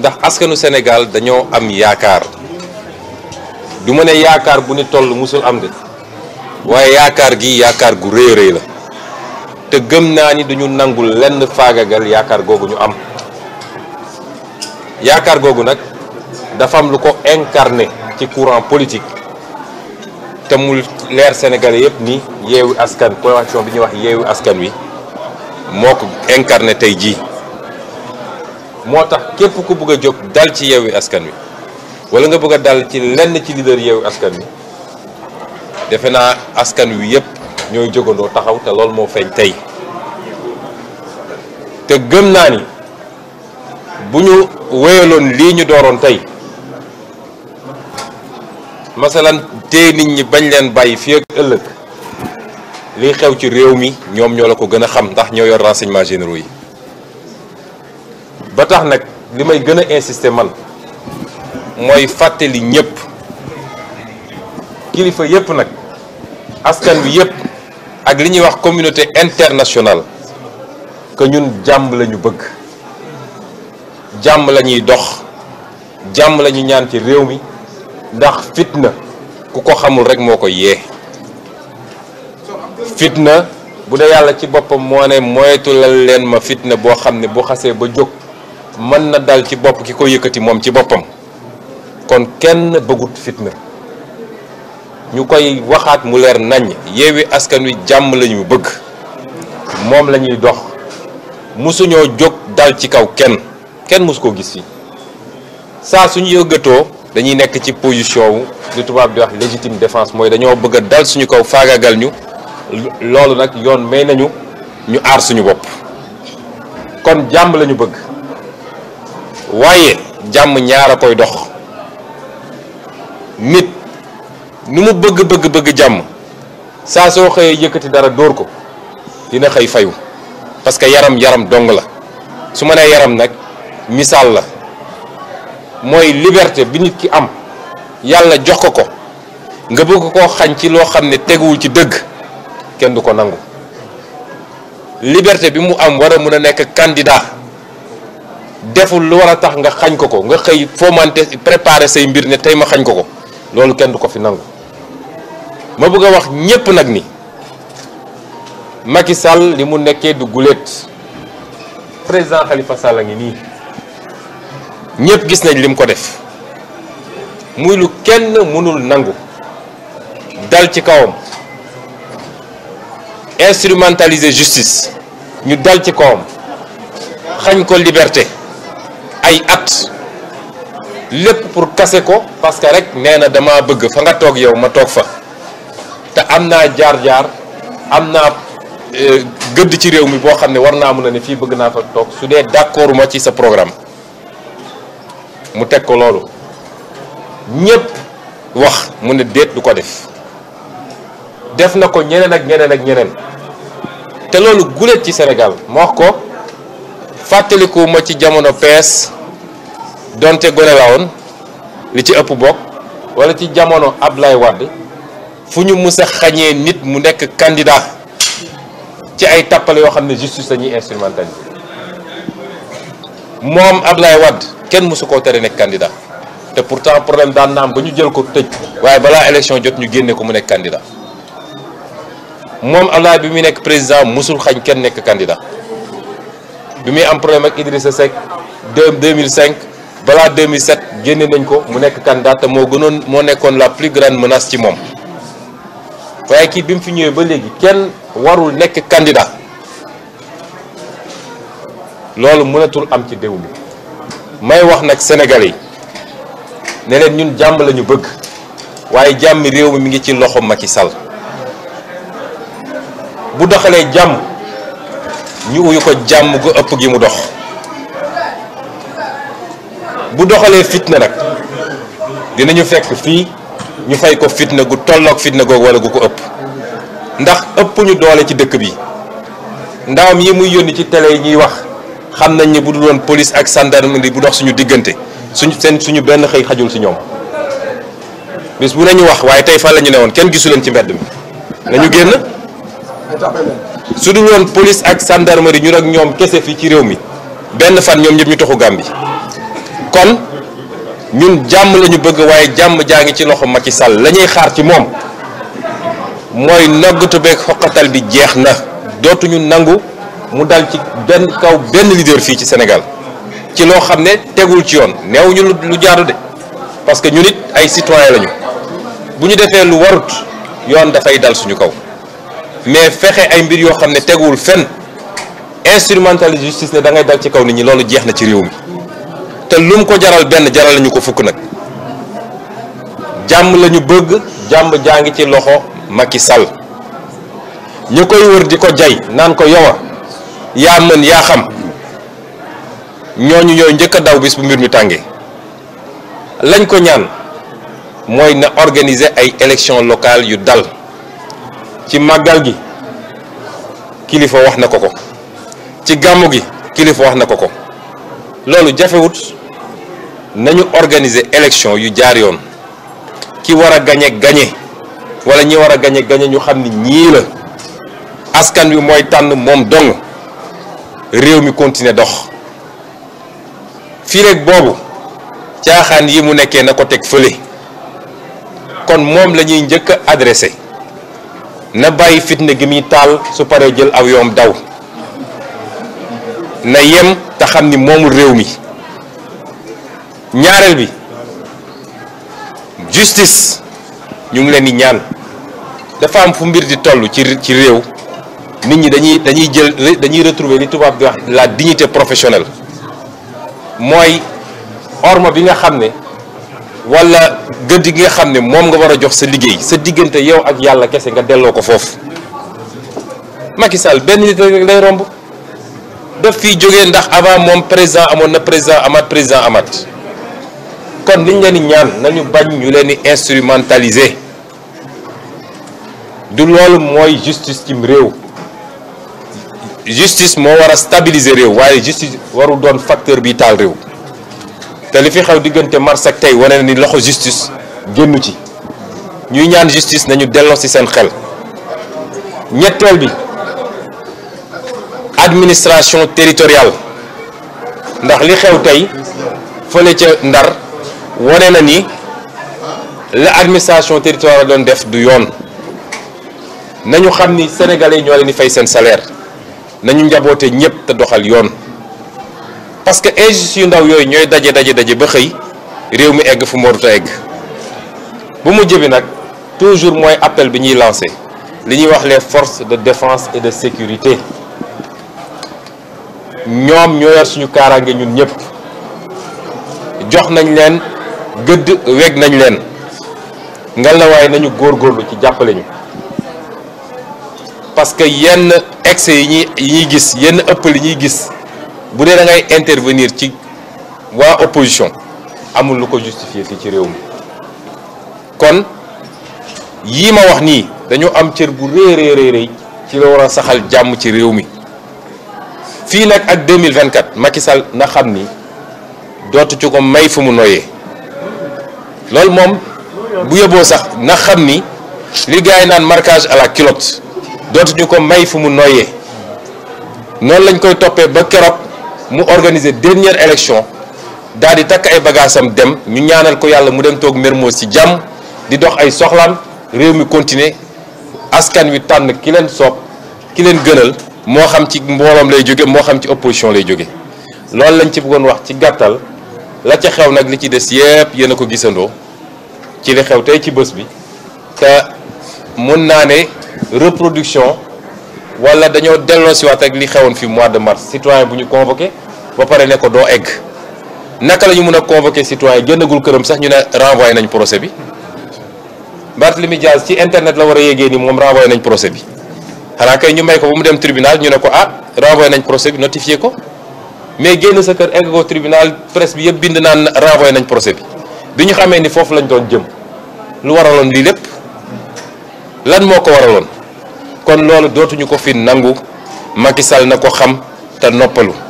ndax askanu senegal dañoo am yaakaar du ma ne yaakaar bu ni toll musul am de waaye yaakaar gi yaakaar gu rëy rëy la te gëm naa ni duñu nangul lenn faagagal yaakaar googu ñu am yaakaar googu nag dafa am lu ko incarné ci courant politique te mu leer Sénégalais yëpp ni yeewu askan coalition bi ñuy wax yeewu askan wi moo ko incarné tey jii moo tax képp ku bëgg a jóg dal ci yeewi askan wi wala nga bëgg a dal ci lenn ci leader yeewi askan wi defe naa askan wi yëpp ñooy jógandoo taxaw te loolu moo feeñ tey te gëm naa ni bu ñu wéyaloon lii ñu dooroon tey masalan tee nit ñi bañ leen bàyyi fii ak ëllëg lii xew ci réew mi ñoom ñoo la ko gën a xam ndax ñoo yor renseignements généraux yi ba tax nag li may gën a insister man mooy fàttali ñëpp kilifa yëpp nag askan wi yëpp ak li ñuy wax communauté internationale que ñun jàmm lañu bëgg jàmm la ñuy dox jàmm la ñu ñaan ci réew mi ndax fitna ku ko xamul rek moo ko yee fitna bu dee yàlla ci boppam moo ne moytulal leen ma fitna boo xam ne bu xasee ba jóg mën na dal ci bopp ki ko yëkkati moom ci boppam kon kenn bëggut fitna ñu koy waxaat mu leer naññ yeewi askan wi jàmm lañu bëgg moom lañuy dox mosuñoo jóg dal ci kaw kenn kenn mosu koo gis fii saa suñu yëggatoo dañuy nekk ci position wu lu tubaab di wax légitime défense mooy dañoo bëgg dal suñu kaw faagagal ñu loolu nag yoon may nañu ñu aar suñu bopp kon jàmm lañu bëgg waaye jàmm ñaar a koy dox nit nu mu bëgg bëgg bëgg jàmm saa soo xëyee yëkkati dara dóor ko dina xëy fayu parce que yaram yaram dong la su ma nee yaram nag misaal la mooy liberté bi nit ki am yàlla jox ko ko nga bëgg koo xañ ci loo xam ne teguwul ci dëgg kenn du ko nangu liberté bi mu am war a mun a nekk candidat deful lu war a tax nga xañ ko ko nga xëy fomante préparer say mbir ne tey ma xañ ko ko loolu kenn du ko fi nangu ma bëgg a wax ñépp nag ni Macky Sall li mu nekkee du guléet président Khalifa Sall a ngi nii ñépp gis nañ lim ko def muy lu kenn mënul nangu dal ci kawam instrumentaliser justice ñu dal ci kawam xañ ko liberté ay at lépp pour kase ko parce que rek nee na dama bëgg fa nga toog yow ma toog fa te am naa jaar-jaar am naa euh, gëdd ci réew mi boo xam ne war naa mën na ne fii bëgg naa fa toog su dee d'accord ci sa programme mu teg ko loolu ñépp wax mu ne déet du ko def def na ko ñeneen ak ñeneen ak ñeneen te loolu guléet ci senegal ma wax ko fàttaliku ci jamono PS donte gone laa woon li ci ëpp bokk wala ci jamono Abdoulaye wadd fu ñu mus xañee nit mu nekk candidat ci ay tappale yoo xam ne justice la ñuy instrumentaliser moom Abdoulaye Wade kenn mosu koo tere nekk candidat te pourtant problème daan na am ba ñu jël ko tëj waaye balaa élection jot ñu génne ko mu nekk candidat moom Abdoulaye bi muy nekk président mosul xañ kenn nekk candidat bi muy am problème ak Idrissa Seck deux 2005 balaa 2007 génne nañ ko mu nekk candidat te moo gënoon moo nekkoon la plus grande menace ci moom waaye kii bi mu fi ñëwee ba léegi kenn warul nekk candidat loolu mënatul am ci déw mi may wax nag Sénégalais yi ne leen ñun jàmm lañu bëgg waaye jàmmi réew mi mi ngi ci loxo Macky sal bu doxalee jàmm ñu uyu ko jàmm gu ëpp gi mu dox bu doxalee fitna nag dinañu fekk fii ñu fay ko fitna gu tolloog fitna googu wala gu ko ëpp ndax ëpp ñu doole ci dëkk bi ndawam yi muy yónni ci tele yi ñuy wax xam nañ ne bu dul woon police ak gendarmerie bu dox suñu diggante suñ seen suñu benn xëy xajul si ñoom bis bu nañu wax waaye tey fan la ñu ne kenn gisu ci mbedd mi nañu génn su woon police ak gendarmerie ñu rek ñoom kese fii ci réew mi benn fan ñoom ñëpp ñu toxu Gàmbi kon ñun jàmm lañu bëgg waaye jàmm jaa ngi ci loxo Macky Sall la ñuy xaar ci moom mooy noggatu beeg xoqatal bi jeex na dootuñu nangu mu dal ci benn kaw benn leader fii ci senegal ci loo xam ne tegul ci yoon neew ñu lu jaadu de parce que ñun it ay citoyen lañu bu ñu defee lu warut yoon dafay dal suñu kaw mais fexe ay mbir yoo xam ne teguwul fenn instrumentaliser justice ne da dal ci kaw nit ñi loolu jeex na ci réew mi te lum ko jaral benn jaral lañu ko fukk nag jàmm lañu bëgg jàmm jaa ngi ci loxo Macky Sall ñu koy wër di ko jay naan ko yow a yaa mën yaa xam ñooñu ñooy njëkk a daw bis bu mbir ñu tàngee lañ ko ñaan mooy na organiser ay élections locales yu dal ci màggal gi kilifa wax na ko ko ci gàmmu gi kilifa wax na ko ko loolu jafewut nañu organise élection yu jaar yoon ki war a gañe gañe wala ñi war a gañe gañe ñu xam ni ñii la askan wi mooy tànn moom dong réew mi continuer dox fii boobu caaxaan yi mu nekkee na ko teg fële kon moom lañuy njëkk a adressé na bàyyi fitna gi muy taal su paree jël aw yoom daw na yem te xam ni moomul réew mi ñaareel bi justice ñu ngi leen di ñaan dafa am fu mbir di toll ci ci réew nit ñi dañuy dañuy jël dañuy retrouver li tubaab bi wax la dignité professionnelle mooy orma bi nga xam ne wala gëdd gi nga xam ne moom nga war a jox sa liggéey sa diggante yow ak yàlla kese nga delloo ko foofu Macky Sall benn nit rek lay romb daf fiy jógee ndax avant moom président amoon na président amat président amaat kon liñ leen di ñaan nañu bañ ñu leen di instrumentaliser du loolu mooy justice cim réew justice moo war a réew waaye justice warul doon facteur bi taal réew te li fi xew diggante mars ak tey wane na ni loxo justice génnu ci ñuy ñaan justice nañu delloo ci seen xel ñetteel bi administration territoriale ndax li xew tey fole ca Ndar wone na ni la administration territoriale doon def du yoon nañu xam ni sénégalais yi ñoo leen di fay seen salaire nañu njaboote ñëpp te doxal yoon parce que injustice yu ndaw yooyu ñooy daje daje daje ba xëy réew mi egg fu mu warut egg bu mu bi nag toujours mooy appel bi ñuy lancé li ñuy wax les forces de défense et de sécurité ñoom ñoo yar suñu kaaraange ñun ñëpp jox nañ leen. gëdd weg nañ leen ngallaawaay nañu góor góorgóorlu ci jàppale ñu parce que yenn excès yi ñuy yi gis yenn ëppal yi ñuy gis bu dee da ngay intervenir ci waa opposition amul lu ko justifier fii ci réew mi kon yii ma wax nii dañu am cër bu rëy rëy ci la war a saxal jàmm ci réew mi fii nag ak 2024 Macky Sall na xam ni dootu ci ko may fu mu noyee loolu moom bu yóbboo sax na xam ni li gars yi naan marquage à la culotte dootuñu ko may fu mu noyyee noonu lañ koy toppee ba keroog mu organiser dernière élection daal di takk ay bagaasam dem ñu ñaanal ko yàlla mu dem toog Mermoz ci jàmm di dox ay soxlaam réew mi continuer askan wi tànn ki leen soob ki leen gënal moo xam ci mbooloom lay jóge moo xam ci opposition lay jóge loolu lañ ci bëggoon wax ci gàttal la ca xew nag li ci des yëpp yéen a ko gisandoo ci li xew tey ci bés bi te mun naa ne reproduction walla dañoo delloosiwaat ak li xewoon fi mois de mars citoyen bu ñu convoqué ba pare ne ko doo egg naka la ñu mun a convoqué citoyen génnagul këram sax ñu ne renvoyé nañ procès bi Barthélémy Dias ci internet la war a yéegee ni moom renvoyé nañ procès bi xanaa kay ñu may ko ba mu dem tribunal ñu ne ko ah renvoyé nañ procès bi notifié ko mais génn sa kër egg ko tribunal presse bi yëpp bind naan renvoyé nañ procès bi bi ñu xamee ni foofu lañ doon jëm lu waraloon lii lépp lan moo ko waraloon kon loolu dootuñu ko fi nangu Macky Sall na ko xam te noppalu.